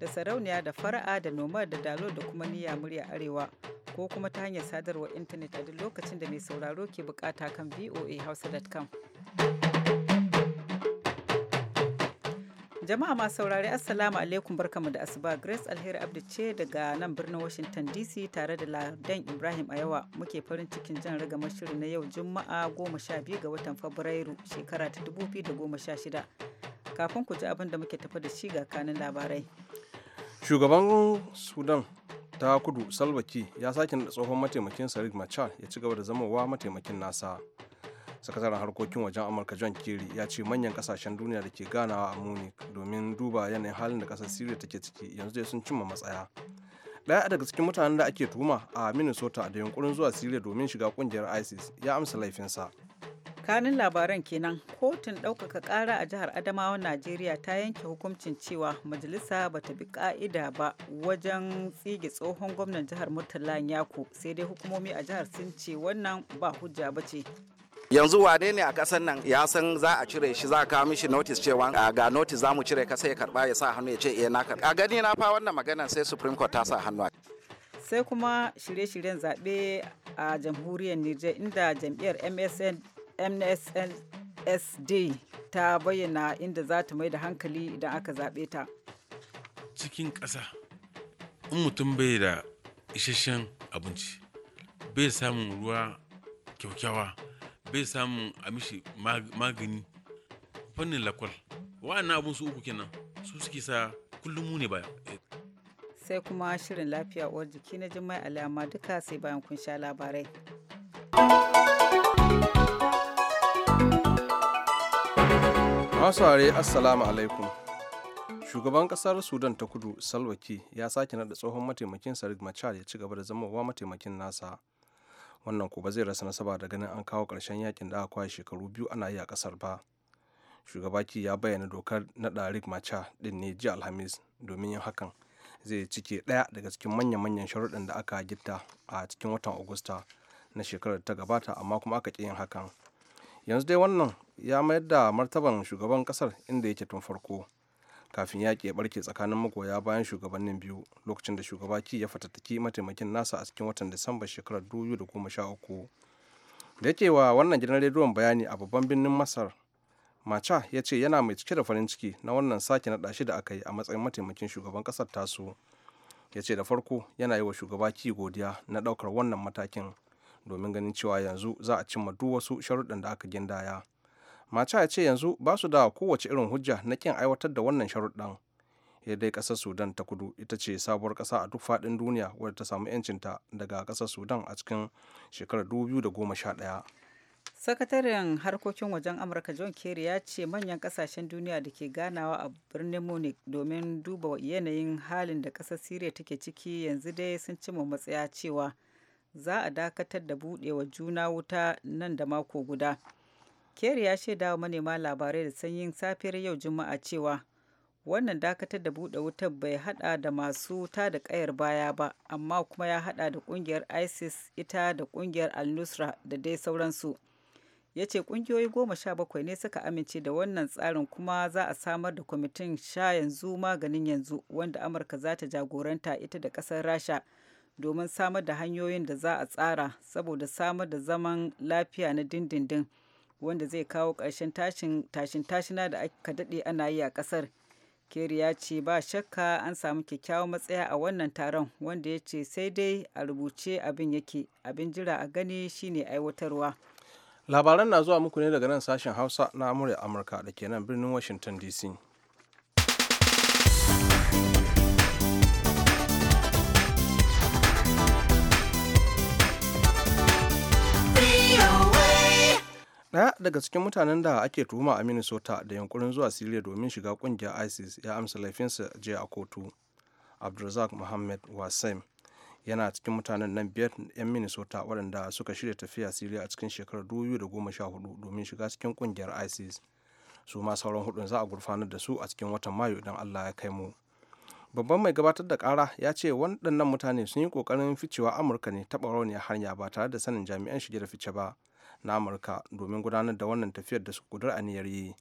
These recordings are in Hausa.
da sarauniya da fara'a da noma da dalo da kuma niyya murya arewa ko kuma ta hanyar sadarwar intanet a duk lokacin da mai sauraro ke bukata kan voahausa.com. jama'a masu saurari assalamu alaikum barkamu da asuba grace alheri abdu ce daga nan birnin washington dc tare da ladan ibrahim a yawa muke farin cikin jan raga mashirin na yau juma'a 12 ga watan fabrairu shekara ta 2016 kafin ku ji abin da muke tafa da shi ga kanin labarai shugaban sudan ta kudu salwaki ya sake da tsohon mataimakin sarik machar ya ci gaba da zamowa mataimakin nasa sakataren harkokin wajen amurka john kerry ya ce manyan kasashen duniya da ke ganawa a munich domin duba yanayin halin da kasar syria take ciki yanzu dai sun cimma matsaya daya daga cikin mutanen da ake tuma a minnesota da yunkurin zuwa syria domin shiga kungiyar isis ya amsa laifinsa kanin labaran kenan kotun ɗaukaka ƙara a jihar adamawan najeriya ta yanke hukuncin cewa majalisa ba ta bi ƙa'ida ba wajen tsige tsohon gwamnan jihar murtala yako sai dai hukumomi a jihar sun ce wannan ba hujja ba ce yanzu wane ne a kasan nan ya san za a cire shi za a kawo mishi notis cewa ah, ga notis za mu cire ka sai ya karba ya sa hannu ya ce eh na karba a gani na fa wannan maganar sai supreme court ta sa hannu sai kuma shirye-shiryen zaɓe a jamhuriyar niger inda jam'iyyar MSN msnsd ta bayyana inda za ta mai da hankali idan aka zaɓe ta cikin ƙasa in mutum bai da isasshen abinci bai samun ruwa kyaukyawa bai samun amishi magani fannin lakwal wa'annan abin su uku kenan su suke sa kullum mu ne ba. sai kuma shirin lafiya uwar jiki na jimai alama duka sai bayan kun sha labarai masu assalamu alaikum shugaban kasar sudan ta kudu salwaki ya sake naɗa tsohon mataimakin sarik machar ya ci gaba da zamowa mataimakin nasa wannan ko ba zai rasa nasaba da ganin an kawo ƙarshen yakin da aka shekaru biyu ana yi a ƙasar ba shugaba ki ya bayyana dokar naɗa rik macha din ne ji alhamis domin yin hakan zai cike ɗaya daga cikin manya-manyan sharuɗin da aka gitta a cikin watan agusta na shekarar ta gabata amma kuma aka ƙi yin hakan yanzu dai wannan ya mayar da martaban shugaban kasar inda yake tun farko kafin yaƙi ya barke tsakanin magoya bayan shugabannin biyu lokacin da shugaba ki ya fatattaki mataimakin nasa a cikin watan disamba shekarar 2013 da yake wa wannan gidan rediyon bayani a babban birnin masar macha ya ce yana mai cike da farin ciki na wannan sake naɗa shi da aka yi a matsayin mataimakin shugaban ƙasar tasu ya ce da farko yana yi wa shugaba ki godiya na ɗaukar wannan matakin domin ganin cewa yanzu za a cimma duk wasu sharuɗan da aka gindaya mace a ce yanzu ba su da kowace irin hujja na kin aiwatar da wannan sharuɗan ya dai ƙasar sudan ta kudu ita ce sabuwar ƙasa a duk faɗin duniya wadda ta samu 'yancinta daga ƙasar sudan a cikin shekarar 2011 sakataren harkokin wajen amurka john kerry ya ce manyan kasashen duniya da ke ganawa a birnin munich domin duba yanayin halin da ƙasar syria take ciki yanzu dai sun cimma matsaya cewa za a dakatar da buɗewa juna wuta nan da mako guda Kerry ya shaida wa manema labarai da sanyin safiyar yau Juma'a cewa wannan dakatar da buɗe wutar bai hada da masu ta da kayar baya ba amma kuma ya hada da ƙungiyar isis ita da ƙungiyar al-nusra da dai sauransu ya ce ƙungiyoyi goma sha bakwai ne suka amince da wannan tsarin kuma za a samar da kwamitin sha yanzu maganin yanzu wanda amurka za ta jagoranta ita da kasar rasha domin samar da hanyoyin da za a tsara saboda samar da zaman lafiya na dindindin wanda zai kawo ƙarshen tashin tashina da aka daɗe ana yi a ƙasar. keri ya ce ba shakka an samu kyakkyawan matsaya a wannan taron wanda ya ce sai dai a rubuce abin yake abin jira a gani shine aiwatarwa. Labaran na zuwa muku ne daga nan sashen Hausa na Amurka da ke nan birnin Washington DC. daga cikin mutanen da ake tuhuma a minnesota da yankurin zuwa syria domin shiga kungiyar isis ya amsa laifinsa jiya a kotu abdulrazak muhammad wasem yana cikin mutanen nan biyar 'yan minnesota waɗanda suka shirya tafiya syria a cikin shekarar 2014 domin shiga cikin kungiyar isis su ma sauran hudun za a gurfanar da su a cikin watan mayu idan allah ya kai mu babban mai gabatar da kara ya ce waɗannan mutane sun yi ƙoƙarin ficewa amurka ne taɓa rauniyar hanya ba tare da sanin jami'an shige da fice ba na amurka domin gudanar da wannan tafiyar da su kudur aniyar yi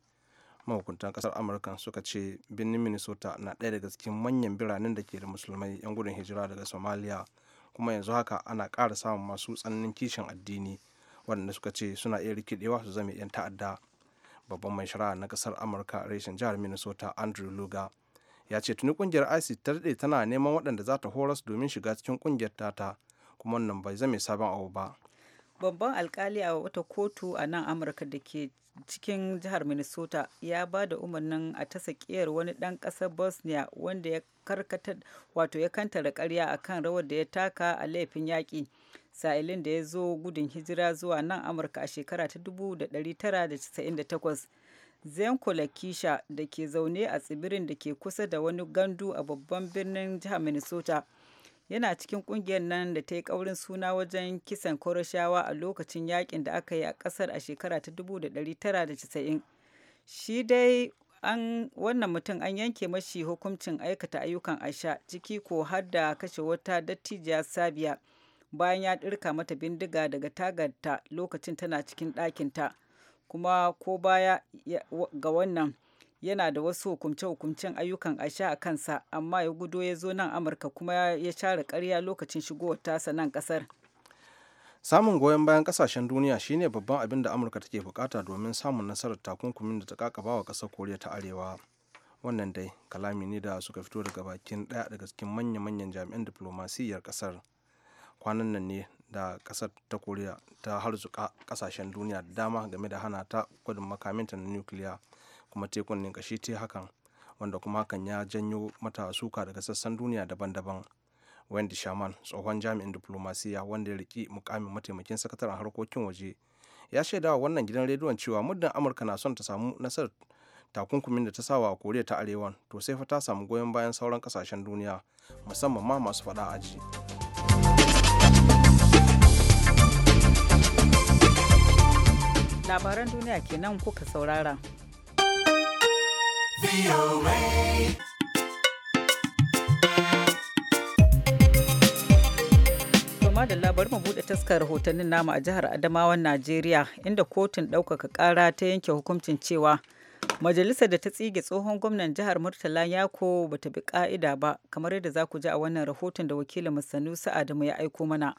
mahukuntan kasar amurka suka ce birnin minnesota na ɗaya daga cikin manyan biranen da ke da musulmai 'yan gudun hijira daga somalia kuma yanzu haka ana ƙara samun masu tsananin kishin addini waɗanda suka ce suna iya rikidewa su zama 'yan ta'adda babban mai shari'a na kasar amurka reshen jihar minnesota andrew luga ya ce tuni kungiyar isis ta daɗe tana neman waɗanda za ta horas domin shiga cikin kungiyar tata kuma wannan bai zame sabon abu ba babban alkali a wata kotu a nan amurka da ke cikin jihar minnesota ya ba da umarnin a ta sakiyar wani ɗan ƙasar bosnia wanda ya karkata wato ya kantara karya a kan rawar da ya taka a laifin yaƙi sa'ilin da ya zo gudun hijira zuwa nan amurka a shekara ta 1998 zenko lakisha da ke zaune a tsibirin da ke kusa da wani gandu a babban birnin jihar minnesota yana cikin kungiyar nan da ta yi kaurin suna wajen kisan koroshawa a lokacin yakin da aka yi a kasar a shekara ta 1990 shi dai an wannan mutum an yanke mashi hukuncin aikata ayyukan aisha ciki ko har da kashe wata dattijiya sabiya bayan ya ɗirka mata bindiga daga tagarta lokacin tana cikin ɗakinta kuma ko baya ga wannan yana da wasu hukumce-hukumcen ayyukan asha a kansa amma ya gudo ya zo nan amurka kuma ya share karya lokacin shigowar tasa nan kasar samun goyon bayan kasashen duniya shine babban abin da amurka take bukata domin samun nasarar takunkumin da ta kakaba wa kasar koriya ta arewa wannan dai kalami ne da suka fito daga bakin daya daga cikin manya-manyan jami'an diplomasiyyar kasar kwanan nan ne da kasar ta koriya ta harzuka kasashen duniya da dama game da hana ta gwadin makaminta na nukiliya kuma tekun nikashi ta hakan wanda kuma hakan ya janyo mata suka daga sassan duniya daban-daban wendy shaman tsohon jami'in diplomasiya wanda ya riki mukamin mataimakin sakataren harkokin waje ya shaidawa wannan gidan rediyon cewa muddin amurka na son ta samu nasarar takunkumin da ta sawa a koriya ta arewan to sai fa ta samu goyon bayan sauran kasashen duniya musamman ma masu faɗa aji labaran duniya kenan kuka saurara madalla bari mu bude taskar rahotannin namu a jihar adamawan najeriya inda kotun ɗaukaka ƙara ta yanke hukuncin cewa majalisar da ta tsige tsohon gwamnan jihar murtala yako bata bi ƙa'ida ba kamar yadda za ku ji a wannan rahoton da wakilin sanusi adamu ya aiko mana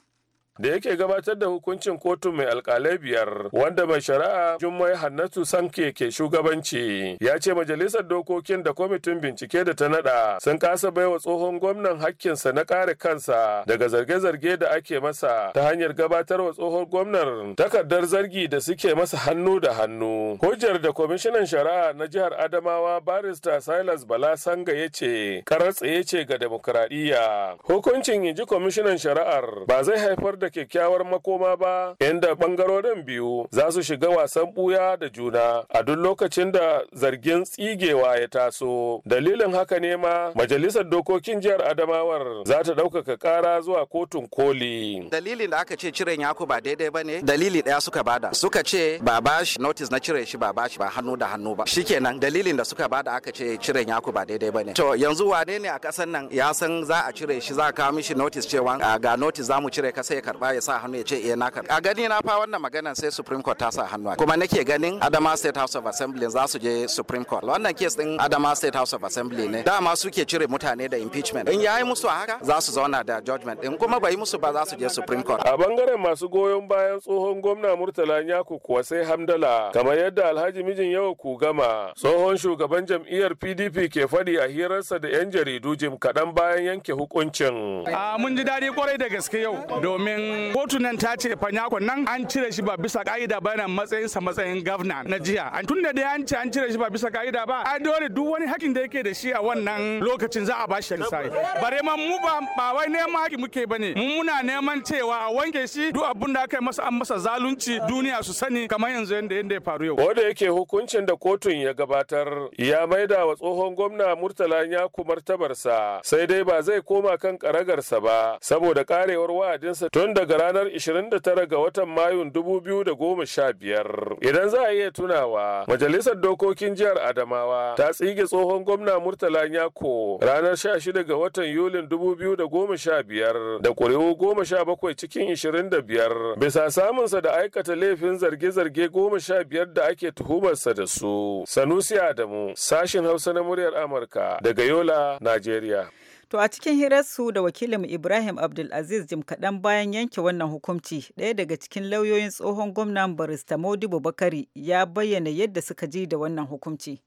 da yake gabatar da hukuncin kotu mai alkalai biyar wanda mai shari'a jummai hannatu sanke ke shugabanci ya ce majalisar dokokin da kwamitin bincike da ta nada sun kasa baiwa tsohon gwamnan hakkinsa na kare kansa daga zarge-zarge da ake masa ta hanyar gabatar wa tsohon gwamnan takardar zargi da suke masa hannu da hannu hujjar da kwamishinan shari'a na jihar adamawa barista silas bala sanga ya ce karar tsaye ce ga demokradiyya hukuncin inji kwamishinan shari'ar ba zai haifar da kyakkyawar makoma ba inda bangarorin biyu za su shiga wasan buya da juna a duk lokacin da zargin tsigewa ya taso dalilin haka ne ma majalisar dokokin jihar adamawar za ta ɗaukaka ƙara zuwa kotun koli dalilin da aka ce ciren yaku ba daidai ba ne dalili ɗaya suka bada suka ce ba bashi notice na cire shi ba bashi ba hannu da hannu ba shikenan dalilin da suka bada aka ce ciren yaku ba daidai ba ne to yanzu wane ne a kasan nan ya san za a cire shi za a kawo mishi notice cewa ah, ga notice za mu cire ka sai karba ya sa hannu ya ce eh na karba a gani na fa wannan maganan sai supreme court ta sa hannu kuma nake ganin adama state house of assembly za su je supreme court wannan case din adama state house of assembly ne dama suke cire mutane da impeachment in yayi musu a haka za su zauna da judgment din kuma bai musu ba za su je supreme court a bangaren masu goyon bayan tsohon gwamna murtala nyako kuwa sai hamdala kamar yadda alhaji mijin yawa ku gama tsohon shugaban jam'iyyar pdp ke faɗi a hirarsa da yan jaridu jim kaɗan bayan yanke hukuncin a mun ji daɗi kwarai da gaske yau domin matsayin kotu nan ta ce fanyakon nan an cire shi ba bisa ka'ida ba yana matsayinsa matsayin gavna na jiya an tun da dai an ce an cire shi ba bisa ka'ida ba a dole duk wani hakin da yake da shi a wannan lokacin za a ba shi sai bare ma mu ba ba wai neman haki muke bane mu muna neman cewa a wanke shi duk abun da aka masa an masa zalunci duniya su sani kamar yanzu yanda yanda ya faru yau wanda yake hukuncin da kotun ya gabatar ya maida wa tsohon gwamna Murtala Yaku tabarsa sai dai ba zai koma kan karagarsa ba saboda karewar wa'adinsa tun tun daga ranar 29 ga watan Mayun 2015. Idan za a iya tunawa, Majalisar Dokokin Jihar Adamawa ta tsige tsohon gwamna Murtala Nyako ranar 16 ga watan Yulin 2015 da ƙuri'u 17 cikin 25 bisa samunsa da aikata laifin zarge-zarge 15 da ake tuhumarsa da su. Sanusi Adamu, sashin Hausa na muryar Amurka daga Yola, Najeriya. To a cikin hirarsu da wakilin Ibrahim Abdulaziz jim kaɗan bayan yanke wannan hukunci, ɗaya daga cikin lauyoyin tsohon gwamnan barista Modibo Bakari ya bayyana yadda suka ji da wannan hukunci.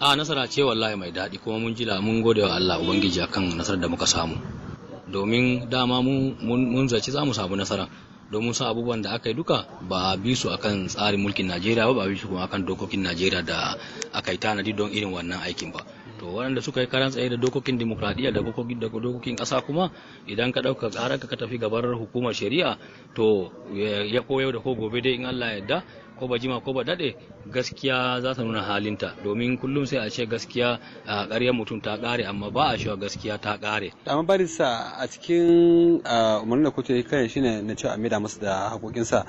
A nasara ce wallahi mai daɗi kuma mun jila mun gode wa Allah Ubangiji kan nasarar da muka samu. Domin dama mun zaci za mu samu nasara. domin sa abubuwan da aka yi duka ba a bi su akan tsarin mulkin Najeriya ba ba a bi su kuma akan dokokin Najeriya da aka yi tanadi don irin wannan aikin ba. to waɗanda suka yi karan tsaye da dokokin demokradiyya da dokokin ƙasa kuma idan ka ɗauka ƙarar ka tafi gabar hukumar shari'a to ya koyo da ko gobe dai in Allah ya yarda ko ba jima ko ba daɗe gaskiya za ta nuna halinta domin kullum sai a ce gaskiya a ƙaryar mutum ta ƙare amma ba a shiwa gaskiya ta ƙare. amma barisa a cikin umarnin da kuke yi shi shine na cewa a maida masa da haƙoƙinsa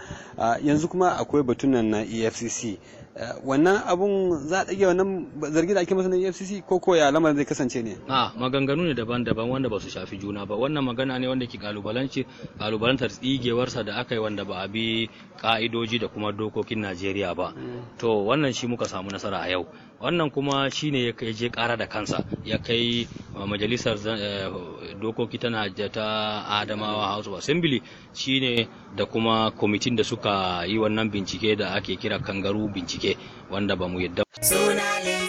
yanzu kuma akwai batunan na efcc Eh, wannan abun za a ɗage wannan zargi da ake masa na efcc ko ko ya lamarin zai kasance ne a maganganu ne daban-daban wanda ba su shafi juna ba wannan magana ne wanda ke kalubalance kalubalantar tsigewarsa da aka yi wanda ba a bi ka'idoji da kuma dokokin najeriya ba hmm. to wannan shi muka samu nasara a yau wannan kuma shine ya je kara da kansa ya kai uh, majalisar uh, dokoki ta ta adamawa house of assembly shine da kuma kwamitin da suka yi wannan bincike da ake kira kangaru bincike wanda ba mu yadda suna ne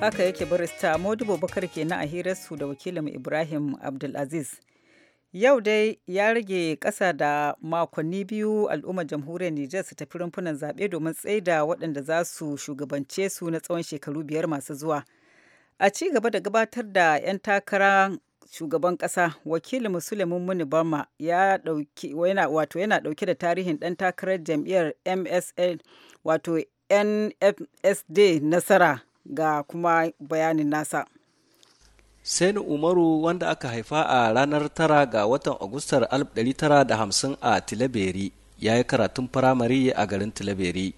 haka yake barista modibo bakar ke na a hirarsu da wakilin ibrahim abdulaziz Yau dai ya rage ƙasa da makonni biyu al'ummar jamhuriyar Nijar su tafi rumfunan zaɓe domin tsaida waɗanda za su shugabance su na tsawon shekaru biyar masu zuwa. A ci gaba da gabatar da 'yan takarar shugaban ƙasa, wakilin Musulmin Muni Bama ya ɗauki wato yana ɗauke da tarihin ɗan takarar jam'iyyar MSN wato NFSD nasara ga kuma bayanin nasa. ni Umaru wanda aka haifa a ranar tara ga watan Agustar 1950 a Tilaberi ya yi karatun firamare a garin Tilaberi.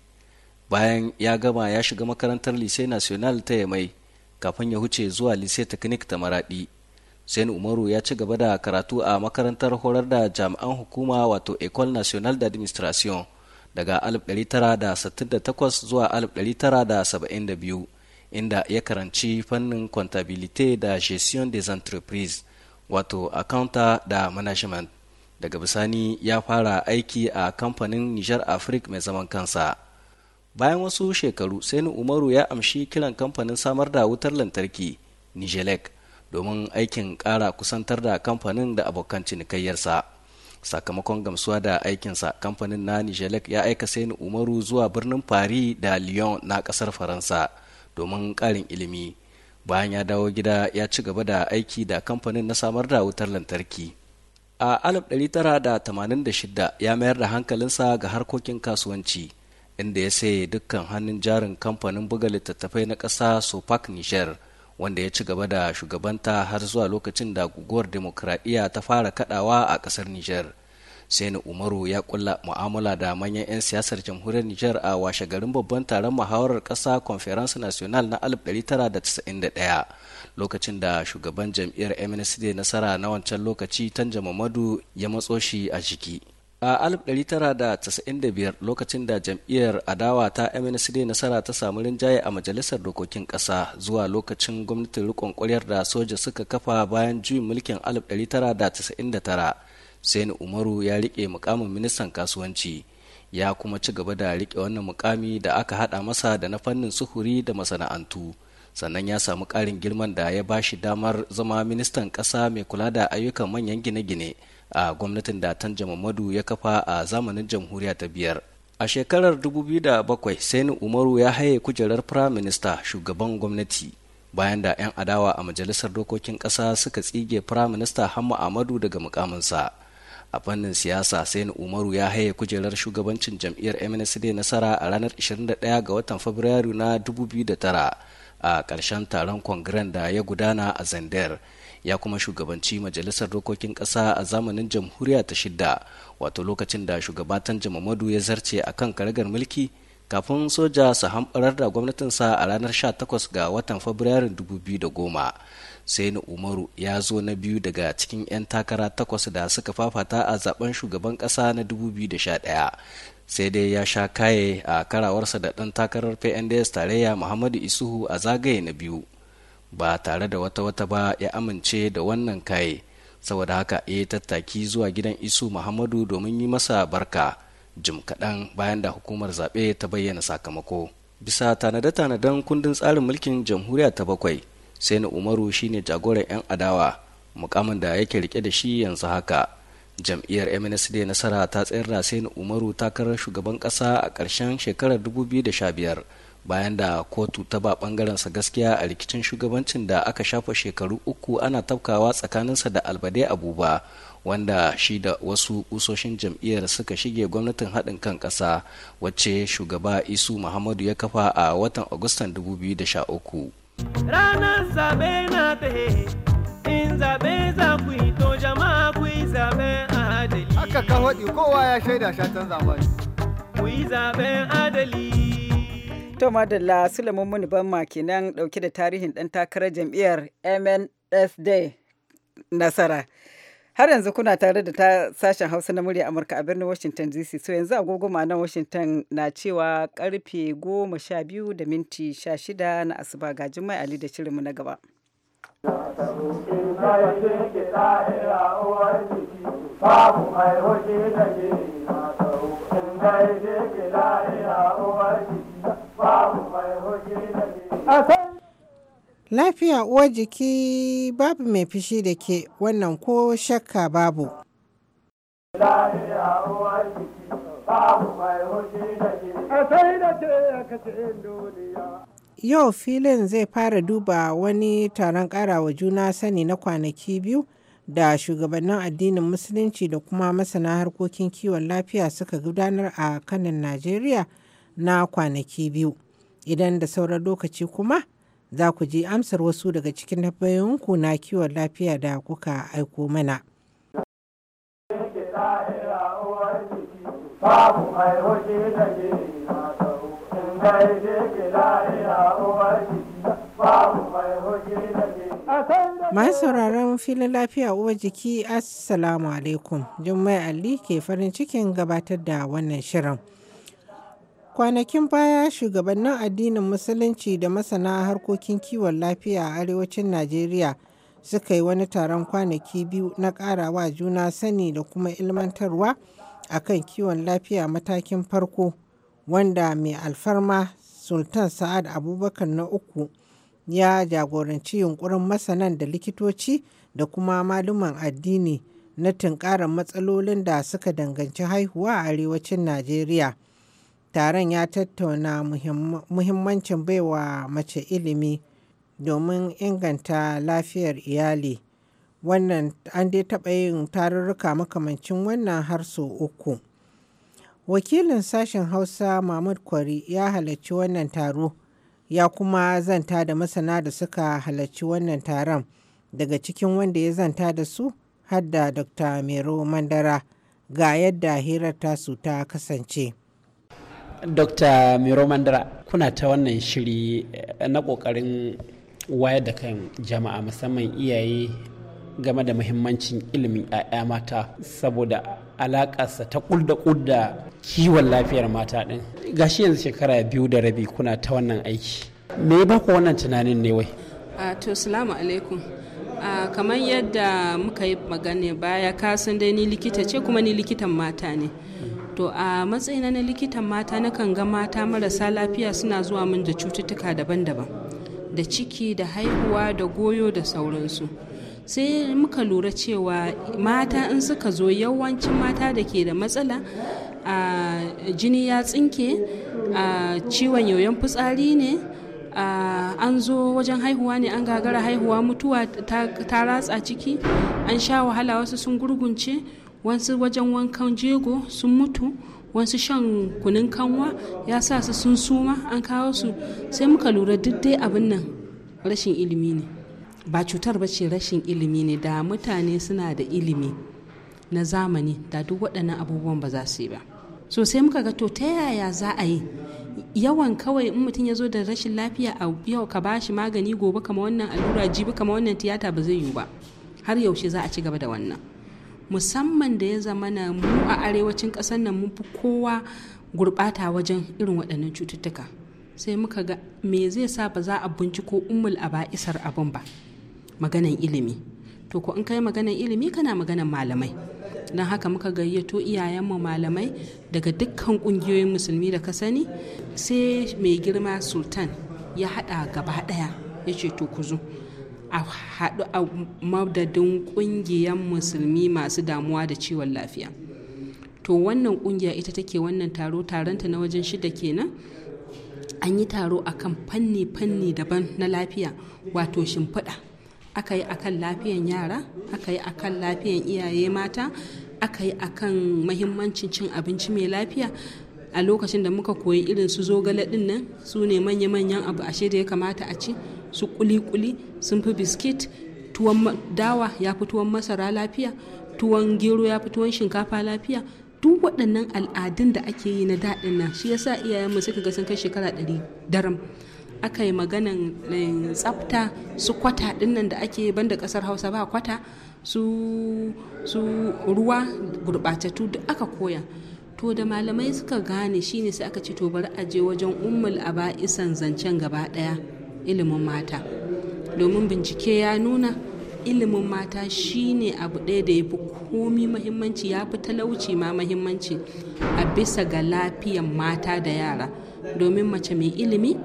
Bayan ya gama ya shiga makarantar Lycée National ta Yamai kafin ya huce zuwa Lycée Technique ta Maradi. Sani Umaru ya ci gaba da karatu a makarantar horar da jami'an hukuma wato École Nationale d'Administration daga 1968 zuwa 1972. inda ya karanci fannin kwantabilite da gestion des entreprises wato accounta da management daga bisani ya fara aiki a kamfanin niger africa mai zaman kansa bayan wasu shekaru sai ni umaru ya amshi kiran kamfanin samar da wutar lantarki nigelec domin aikin ƙara kusantar da kamfanin da abokan cinikayyarsa sakamakon gamsuwa da aikinsa kamfanin na nigelec ya aika sainu umaru zuwa birnin paris da lyon na kasar faransa domin ƙarin ilimi bayan ya dawo gida ya ci gaba da aiki da kamfanin na samar da wutar lantarki a 1986 ya mayar da hankalinsa ga harkokin kasuwanci inda ya saye dukkan hannun jarin kamfanin buga littattafai na ƙasa sopak niger wanda ya ci gaba da shugabanta har zuwa lokacin da guguwar demokradiyya ta fara kaɗawa a ƙasar niger na Umaru ya kulla mu'amala da manyan 'yan siyasar jamhuriyar Niger a washe garin babban taron muhawarar ƙasa Conference National na 1991 lokacin da shugaban jam'iyyar MNSD nasara na wancan lokaci Tanja Mamadu ya matso shi a jiki. a 1995 lokacin da jam'iyyar adawa ta mnsd nasara ta samu rinjaye a majalisar dokokin ƙasa zuwa lokacin gwamnatin rikon ƙwaryar da soja suka kafa bayan juyin mulkin 1999 Sani Umaru ya rike mukamin ministan kasuwanci ya kuma ci gaba da rike wannan mukami da aka haɗa masa da na fannin suhuri da masana'antu. sannan ya samu ƙarin girman da ya ba shi damar zama ministan ƙasa mai kula da ayyukan manyan gine-gine a gwamnatin da tanja mamadu ya kafa a zamanin jamhuriya ta biyar a shekarar 2007 sani umaru ya haye kujerar prime minister shugaban gwamnati bayan da 'yan adawa a majalisar dokokin ƙasa suka tsige prime minister hamma amadu daga mukaminsa a fannin siyasa sai umaru ya haye kujerar shugabancin jam'iyyar mnsd nasara a ranar 21 ga watan fabrairu na 2009 a ƙarshen taron kongren da ya gudana a zander ya kuma shugabanci majalisar dokokin ƙasa a zamanin jamhuriya ta shidda wato lokacin da shugabatan jamamadu ya zarce a kan karagar mulki kafin soja su hamɓarar da gwamnatinsa a ranar 18 ga watan fabrairun 2010 sai na umaru ya zo na biyu daga cikin 'yan takara takwas da suka fafata a zaben shugaban ƙasa na 2011 sai dai ya sha kaye a karawarsa da ɗan takarar pnds tarayya muhammadu isuhu a zagaye na biyu ba tare da wata wata ba ya amince da wannan kaye saboda haka ya tattaki zuwa gidan isu muhammadu domin yi masa barka jim kaɗan bayan da hukumar zaɓe ta bayyana sakamako bisa tanade-tanaden kundin tsarin mulkin jamhuriya ta bakwai sai na umaru shine jagoran 'yan adawa mukamin da yake rike da shi yanzu haka jam'iyyar mnsd nasara ta tsayar da sai na umaru takarar shugaban kasa a ƙarshen shekarar 2015 bayan da kotu ta ba sa gaskiya a rikicin shugabancin da aka shafa shekaru uku ana tafkawa tsakaninsa da albade abuba wanda shi da wasu kusoshin jam'iyyar suka shige gwamnatin haɗin kan ƙasa wacce shugaba isu muhammadu ya kafa a watan agustan 2013 Ranar zaɓe na ta in zaɓe za ku yi to jama'a ku yi zaɓen adali. Haka kan waɗi kowa ya shaida shatan zaɓen. Ku yi zaɓen adali. To Madalla Sulaiman Muni Banma kenan dauke da tarihin ɗan takarar jam'iyyar MNSD nasara. Har yanzu kuna tare da ta sashen Hausa na murya Amurka a birnin Washington DC. So yanzu agogo nan Washington na cewa karfe goma sha biyu da minti sha shida na asuba ga jimai Ali da shirinmu na gaba. A Lafiya uwar jiki babu mai fishi da ke wannan ko shakka babu. Yau filin zai fara duba wani taron karawa juna sani na kwanaki biyu da shugabannin addinin musulunci da kuma masana harkokin kiwon lafiya suka gudanar a kanin Najeriya na kwanaki biyu. Idan da sauran lokaci kuma za ku ji amsar wasu daga cikin tambayoyinku na kiwon lafiya da kuka aiko mana. Masu sauraron filin lafiya uwa jiki Assalamu alaikum, Jummai Ali ke farin cikin gabatar da wannan shirin. Kwanakin baya, shugabannin addinin Musulunci da masana harkokin kiwon lafiya a Arewacin Najeriya suka yi wani taron kwanaki biyu na wa juna sani da kuma ilmantarwa a kan kiwon lafiya matakin farko wanda mai alfarma Sultan Sa'ad Abubakar na uku ya jagoranci yunkurin masanan da likitoci da kuma maluman addini na tunkarar matsalolin da suka danganci haihuwa a arewacin Najeriya. Taron ya tattauna muhimmancin baiwa mace ilimi domin inganta lafiyar iyali. Wannan an dai taɓa yin tarurruka makamancin wannan har sau uku. Wakilin sashen Hausa Mahmud Kwari ya halarci wannan taro ya kuma zanta da masana da suka halarci wannan taron daga cikin wanda ya zanta da su hadda Dr. Mero Mandara ga yadda hirar tasu ta kasance. dr miro mandara kuna ta wannan shiri eh, na kokarin wayar da kan jama'a musamman iyaye game da muhimmancin ilimin 'ya'ya mata saboda alakarsa ta kulda kulda kiwon lafiyar mata din gashi yanzu shekara biyu da rabi kuna ta wannan aiki me ba ku wannan tunanin ne wai a ah, to salamu alaikum ah, kamar yadda muka yi magana baya kasan dai ni likita ce kuma ni likitan mata ne to a matsayina na likitan mata na kan ga mata marasa lafiya suna zuwa min da cututtuka daban-daban da ciki da haihuwa da goyo da sauransu sai muka lura cewa mata in suka zo yawancin mata da ke da matsala a jini ya tsinke a ciwon yoyon fitsari ne an zo wajen haihuwa ne an gagara haihuwa mutuwa ta ratsa ciki an sha wahala wasu sun gurgunce wasu wajen wankan jego sun mutu wasu shan kunun kanwa ya sa su sun suma an kawo su sai muka lura duk dai abin nan rashin ilimi ne ba cutar ba ce rashin ilimi ne da mutane suna da ilimi na zamani da duk waɗannan abubuwan ba za su yi ba so sai muka ga to ta yaya za a yi yawan kawai in mutum ya zo da rashin lafiya a yau ka bashi magani gobe kama wannan allura jibi kama wannan tiyata ba zai yiwu ba har yaushe za a ci gaba da wannan musamman da ya zama na mu a arewacin ƙasar nan mun fi kowa gurɓata wajen irin waɗannan cututtuka sai muka ga me zai sa ba za a binciko umul a ba'isar abin ba maganan ilimi to ko in kai maganan ilimi kana maganan malamai don haka muka gayyato iyayenmu malamai daga dukkan ƙungiyoyin musulmi da ka sani sai mai girma sultan ya haɗa gaba ɗaya ya ce to ku zo a haɗu a madadin ƙungiyar musulmi masu damuwa da ciwon lafiya to wannan ƙungiya ita take wannan taro taronta na wajen shida kenan an yi taro akan fanni-fanni daban na lafiya wato shimfiɗa aka yi akan lafiyan yara aka yi akan lafiyan iyaye mata aka yi akan mahimmancin cin abinci mai lafiya a lokacin da muka koyi irin su zogale ɗin nan su ne manya-manyan abu ashe da ya kamata a ci su kuli-kuli sun fi biskit tuwon dawa ya fi tuwon masara lafiya tuwon gero ya fi tuwon shinkafa lafiya duk waɗannan al'adun da ake yi na daɗin nan shi yasa iyayenmu suka ga sun kai shekara ɗari daram aka yi maganan eh, tsafta su kwata ɗinnan da ake da ƙasar hausa ba kwata su ruwa gurɓatattu duk aka koya to da malamai suka gane shine sai aka ce to bari a je wajen ummul aba'isan zancen gaba ɗaya ilimin mata domin bincike ya nuna ilimin mata shine abu ɗaya da ya fi komi mahimmanci ya fi talauci ma mahimmanci a bisa ga lafiyan mata da yara domin mace mai ilimi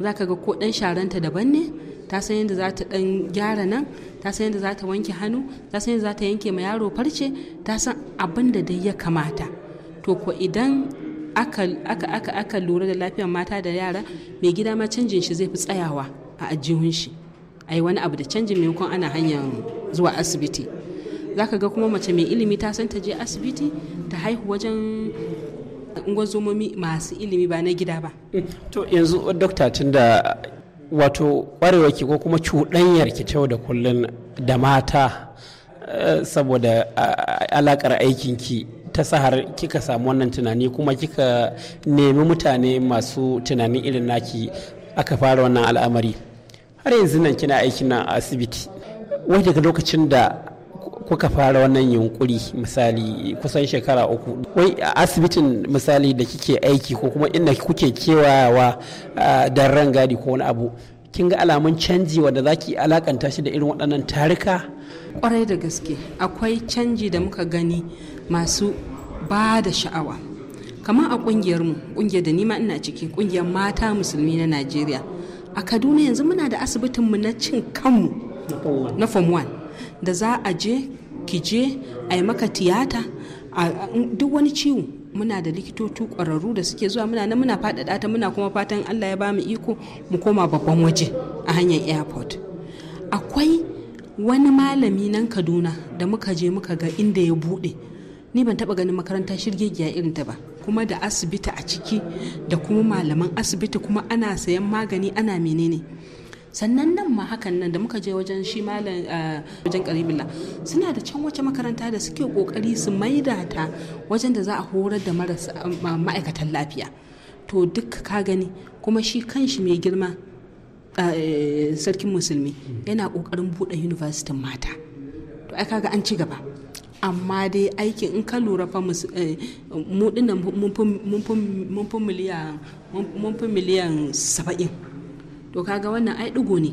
zaka ga ko ɗan sharanta daban ne ta san yadda za ta ɗan gyara nan ta san yadda za ta wanke hannu ta san yadda za ta yanke ma yaro farce ta san abin da dai ya kamata to ko idan aka aka aka lura da lafiyar mata da yara mai gida ma canjin shi zai fi tsayawa a ajihun shi a wani abu da canjin maimakon ana hanyar zuwa asibiti Za ka ga kuma mace mai ilimi ta san ta je asibiti ta haihu wajen ungozomomi masu ilimi ba na gida ba to yanzu dokta tunda wato ki ko kuma cuɗanyar ki da kullun da mata eh, saboda alakar aikinki ta sahar kika samu wannan tunani kuma kika nemi mutane masu tunanin irin naki aka fara wannan al'amari har yanzu nan kina aiki na asibiti wai daga lokacin da kuka fara wannan yunkuri misali kusan shekara uku wai a asibitin misali da kike aiki ko kuma inda kuke kewayawa ah, da rangadi ko wani abu kin ga alamun canji wadda za ki alakanta shi da irin waɗannan tarika kwarai da gaske akwai canji da muka gani masu ba da sha'awa kamar a ƙungiyarmu ƙungiyar da nima ina ciki ƙungiyar mata musulmi na najeriya a kaduna yanzu muna da asibitinmu na cin kanmu na form 1 da za a je ki je a yi maka tiyata a duk wani ciwo muna da likitoci ƙwararru da suke zuwa muna na muna faɗaɗa ta muna kuma fatan allah ya bamu iko mu koma babban waje a hanyar airport akwai wani malami nan kaduna da muka je muka ga inda ya buɗe ni ban taɓa ganin makaranta shirgegiya irin ta ba kuma da asibiti a ciki da kuma malaman asibiti kuma ana sayan magani ana menene sannan nan ma hakan nan da muka je wajen shi malam eh, wajen karibila suna da can wace makaranta da suke kokari su maida ta wajen da za a horar da marasa ma'aikatan lafiya to duk ka gani kuma shi kan shi mai girma eh, sarkin musulmi yana kokarin buɗe yunivasitin mata to ai kaga an ci gaba amma dai aikin in ka lura fa eh, mu mun fi miliyan saba'in to kaga wannan ai digo ne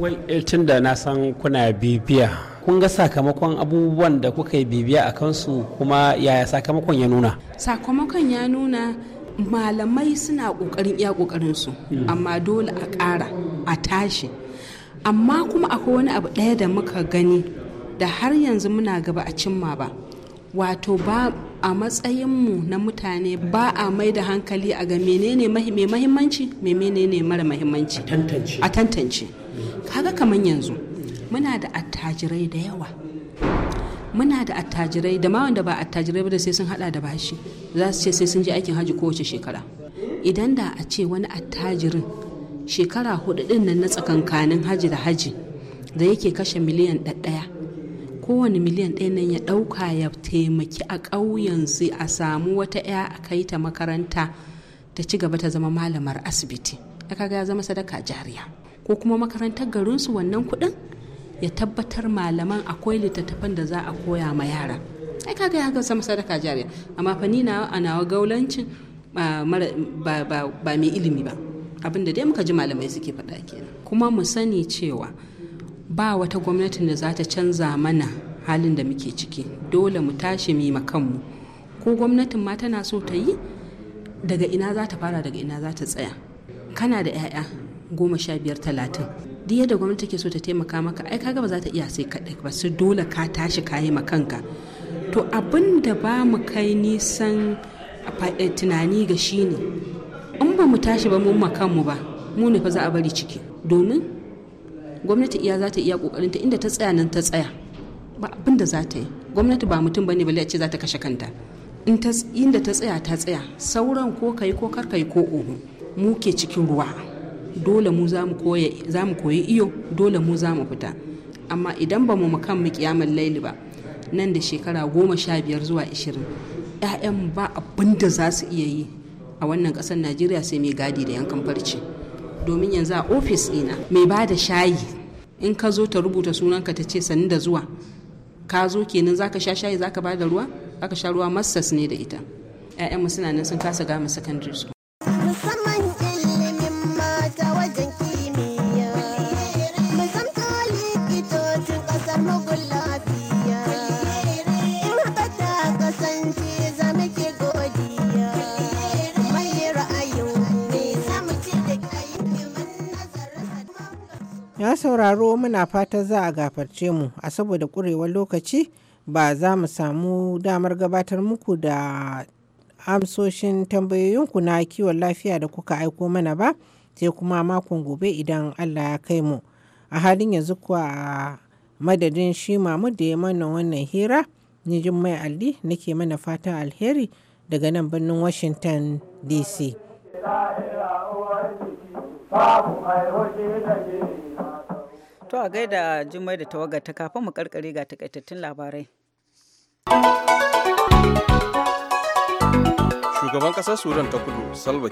wai eh, tun da na san kuna bibiya kun ga sakamakon abubuwan da kuka yi bibiya a kansu kuma yaya sakamakon ya nuna sakamakon ya nuna malamai suna kokarin iya kokarin su hmm. amma dole a ƙara a tashi amma kuma akwai wani abu ɗaya da muka gani da har yanzu muna gaba a cimma ba wato ba a matsayin mu na mutane ba a mai da hankali a ga menene mai mahimmanci menene mara mahimmanci a tantance kaga kamar yanzu muna da attajirai da yawa muna da attajirai da ma wanda ba attajirai ba da sai sun hada da bashi za su ce sai sun je aikin haji kowace shekara idan da a ce wani attajirin shekara hudu din nan na tsakankanin hajji da hajji da yake kashe miliyan ɗaya kowane miliyan ɗaya nan ya ɗauka ya taimaki a ƙauyen a samu wata 'ya a kai ta makaranta ta ci gaba ta zama malamar asibiti ya kaga ya zama sadaka jariya ko kuma makarantar garinsu wannan kuɗin ya tabbatar malaman akwai littattafan da za a koya ma yara ai kaga ya zama sadaka jariya amma fa ni na a nawa gaulancin ba mai ilimi ba abin da dai muka ji malamai suke faɗa kenan kuma mu sani cewa ba wata gwamnatin da za ta canza mana halin da muke ciki dole mu tashi mu kanmu ko gwamnatin ma tana so ta yi daga ina za ta fara daga ina za ta tsaya kana da 'ya'ya goma sha biyar talatin duk yadda gwamnati ke so ta taimaka maka ai kaga ba za ta iya sai kaɗai ba su dole ka tashi ka yi kanka to abin da ba mu kai nisan eh, tunani ga shi ne in ba mu tashi ba mu makanmu ba mu ne fa za a bari ciki domin gwamnati iya za ta iya kokarinta inda ta tsaya nan ta tsaya ba abin da za ta yi gwamnati ba mutum bane bale a ce za ta kashe kanta inda ta tsaya ta tsaya sauran ko kai ko kar kai ko oho mu ke cikin ruwa dole mu za mu koyi iyo dole mu za mu fita amma idan ba mu kan mu kiyamar laili ba nan da shekara goma sha biyar zuwa ashirin 'ya'yan ba abin da za su iya yi a wannan ƙasar najeriya sai mai gadi da yankan farce domin yanzu a ofis ɗina mai ba da shayi in ka zo ta rubuta sunanka ta ce sannu da zuwa ka zo kenan ka sha shayi ka ba da ruwa za ka sha ruwa masters ne da ita 'ya'yanmu suna sun kasa gama secondary school sauraro muna fata za a gafarce mu a saboda kurewar lokaci ba za mu samu damar gabatar muku da amsoshin tambayoyinku na kiwon lafiya da kuka aiko mana ba sai kuma makon gobe idan Allah ya kai mu. A halin yanzu kuwa madadin shi mamu da ya mana wannan hira ni mai alli nake mana fata alheri daga nan birnin Washington DC. Babu mai da To a gaida jima'i da tawagar ta kafin mu karkare ga takaitattun labarai. Shugaban kasar Sudan ta kudu Salva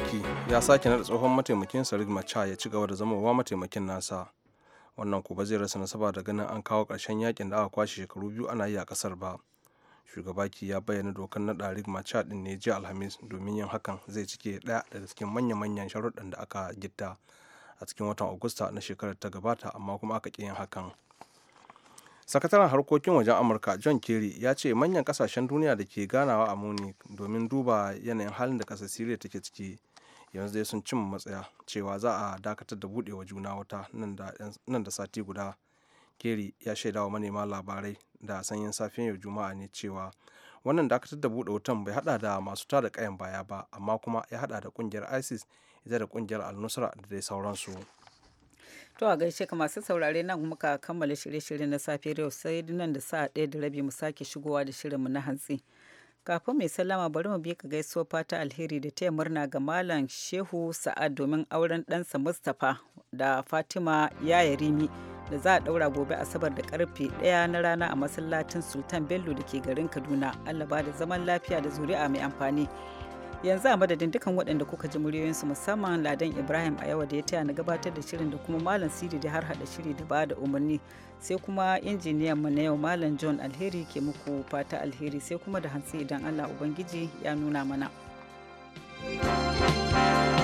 ya sake nada tsohon mataimakin Sarik Macha ya ci gaba da zamowa mataimakin nasa. Wannan kuma zai rasa nasaba da ganin an kawo ƙarshen yakin da aka kwashe shekaru biyu ana yi a kasar ba. Shugaba ki ya bayyana dokar nada Rig Macha ɗin ne jiya Alhamis domin yin hakan zai cike ɗaya daga cikin manya-manyan sharuɗan da aka gitta a cikin watan agusta na shekarar ta gabata amma kuma aka ƙi yin hakan sakataren harkokin wajen amurka john kerry ya ce manyan kasashen duniya da ke ganawa a muni domin duba yanayin halin da ƙasar Siriya take ciki yanzu dai sun cimma matsaya cewa za a dakatar da buɗewa juna wata nan da sati guda kerry ya shaidawa manema labarai da sanyin safiyan yau juma'a ne cewa wannan dakatar da buɗe wutan bai hada da masu tada kayan baya ba amma kuma ya hada da kungiyar isis ita da kungiyar al-nusra da dai sauransu to a gaishe ka masu saurare nan muka kammala shirye-shirye na safe yau sai nan da sa'a ɗaya da rabi mu sake shigowa da shirin mu na hantsi kafin mai sallama bari mu bi ka gaisuwa fata alheri da taya murna ga malam shehu sa'ad domin auren ɗansa mustapha da fatima yaya rimi da za a ɗaura gobe asabar da karfe ɗaya na rana a masallacin sultan bello da ke garin kaduna allah ba da zaman lafiya da zuri'a mai amfani yanzu a madadin dukkan waɗanda kuka ji muryoyinsu musamman ladan ibrahim a yawa da ya taya na gabatar da shirin da kuma malam sidi da har hada shiri da ba da umarni sai kuma injiniyan mu na yau malam john alheri ke muku fata alheri sai kuma da hantsi idan allah ubangiji ya nuna mana. thank you